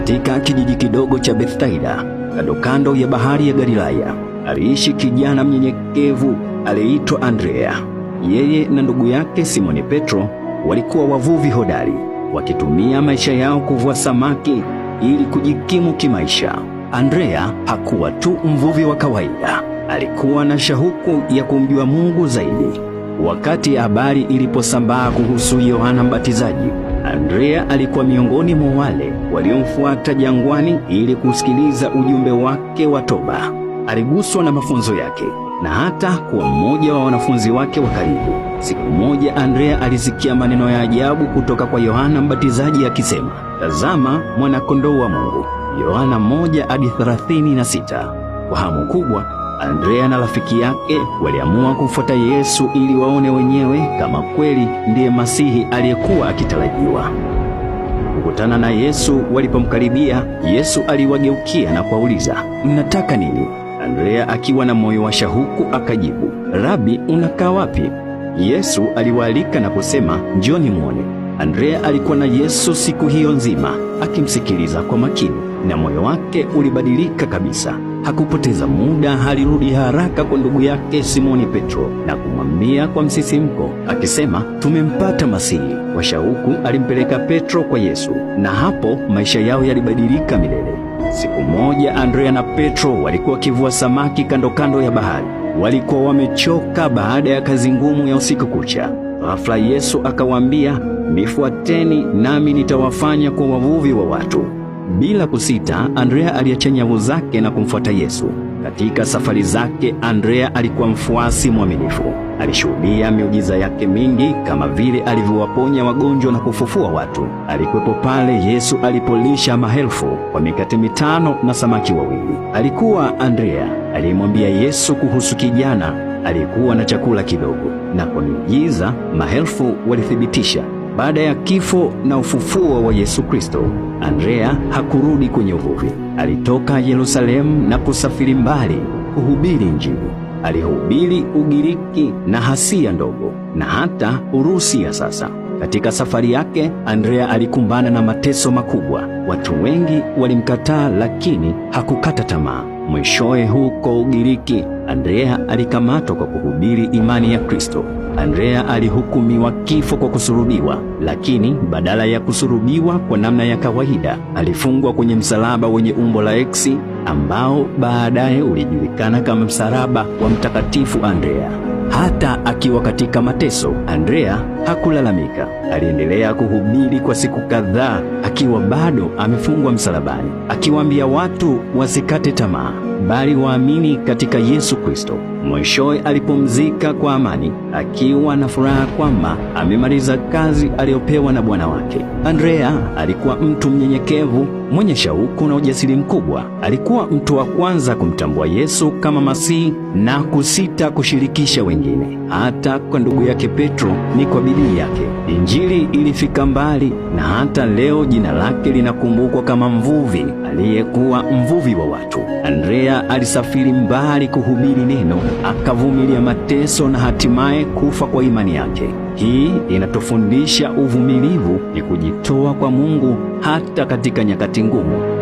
Katika kijiji kidogo cha Bethsaida kando kando ya bahari ya Galilaya aliishi kijana mnyenyekevu aliyeitwa Andrea. Yeye na ndugu yake Simoni Petro walikuwa wavuvi hodari, wakitumia maisha yao kuvua samaki ili kujikimu kimaisha. Andrea hakuwa tu mvuvi wa kawaida, alikuwa na shauku ya kumjua Mungu zaidi. Wakati habari iliposambaa kuhusu Yohana Mbatizaji Andrea alikuwa miongoni mwa wale waliomfuata jangwani ili kusikiliza ujumbe wake wa toba. Aliguswa na mafunzo yake na hata kuwa mmoja wa wanafunzi wake wa karibu. Siku moja, Andrea alisikia maneno ya ajabu kutoka kwa Yohana Mbatizaji akisema, tazama mwana kondoo wa Mungu, Yohana 1 hadi Kwa hamu kubwa Andrea na rafiki yake waliamua kumfuata Yesu ili waone wenyewe kama kweli ndiye Masihi aliyekuwa akitarajiwa. Kukutana na Yesu walipomkaribia, Yesu aliwageukia na kuwauliza, mnataka nini? Andrea akiwa na moyo wa shauku akajibu, Rabi, unakaa wapi? Yesu aliwaalika na kusema, njoni muone. Andrea alikuwa na Yesu siku hiyo nzima akimsikiliza kwa makini, na moyo wake ulibadilika kabisa. Hakupoteza muda, alirudi haraka kwa ndugu yake Simoni Petro na kumwambia kwa msisimko akisema, tumempata Masihi. Kwa shauku alimpeleka Petro kwa Yesu, na hapo maisha yao yalibadilika milele. Siku moja Andrea na Petro walikuwa wakivua samaki kando kando ya bahari. Walikuwa wamechoka baada ya kazi ngumu ya usiku kucha. Ghafla Yesu akawaambia, nifuateni nami nitawafanya kwa wavuvi wa watu. Bila kusita, Andrea aliacha nyavu zake na kumfuata Yesu. Katika safari zake, Andrea alikuwa mfuasi mwaminifu. Alishuhudia miujiza yake mingi, kama vile alivyowaponya wagonjwa na kufufua watu. Alikuwepo pale Yesu alipolisha maelfu kwa mikate mitano na samaki wawili. Alikuwa Andrea aliyemwambia Yesu kuhusu kijana aliyekuwa na chakula kidogo, na kwa miujiza maelfu walithibitisha baada ya kifo na ufufuo wa Yesu Kristo, Andrea hakurudi kwenye uvuvi. Alitoka Yerusalemu na kusafiri mbali kuhubiri Injili. Alihubiri Ugiriki na Hasia ndogo na hata Urusi ya sasa. Katika safari yake, Andrea alikumbana na mateso makubwa. Watu wengi walimkataa, lakini hakukata tamaa. Mwishowe, huko Ugiriki, Andrea alikamatwa kwa kuhubiri imani ya Kristo. Andrea alihukumiwa kifo kwa kusurubiwa, lakini badala ya kusurubiwa kwa namna ya kawaida, alifungwa kwenye msalaba wenye umbo la X ambao baadaye ulijulikana kama msalaba wa Mtakatifu Andrea. Hata akiwa katika mateso, Andrea hakulalamika. Aliendelea kuhubiri kwa siku kadhaa akiwa bado amefungwa msalabani, akiwaambia watu wasikate tamaa bali waamini katika Yesu Kristo. Mwishowe alipumzika kwa amani, akiwa na furaha kwamba amemaliza kazi aliyopewa na Bwana wake. Andrea alikuwa mtu mnyenyekevu mwenye shauku na ujasiri mkubwa, alikuwa mtu wa kwanza kumtambua Yesu kama Masihi na kusita kushirikisha wengine. Hata kwa ndugu yake Petro ni kwa bidii yake Injili ilifika mbali, na hata leo jina lake linakumbukwa kama mvuvi aliyekuwa mvuvi wa watu. Andrea alisafiri mbali kuhubiri neno, akavumilia mateso na hatimaye kufa kwa imani yake. Hii inatufundisha uvumilivu, ni kujitoa kwa Mungu hata katika nyakati ngumu.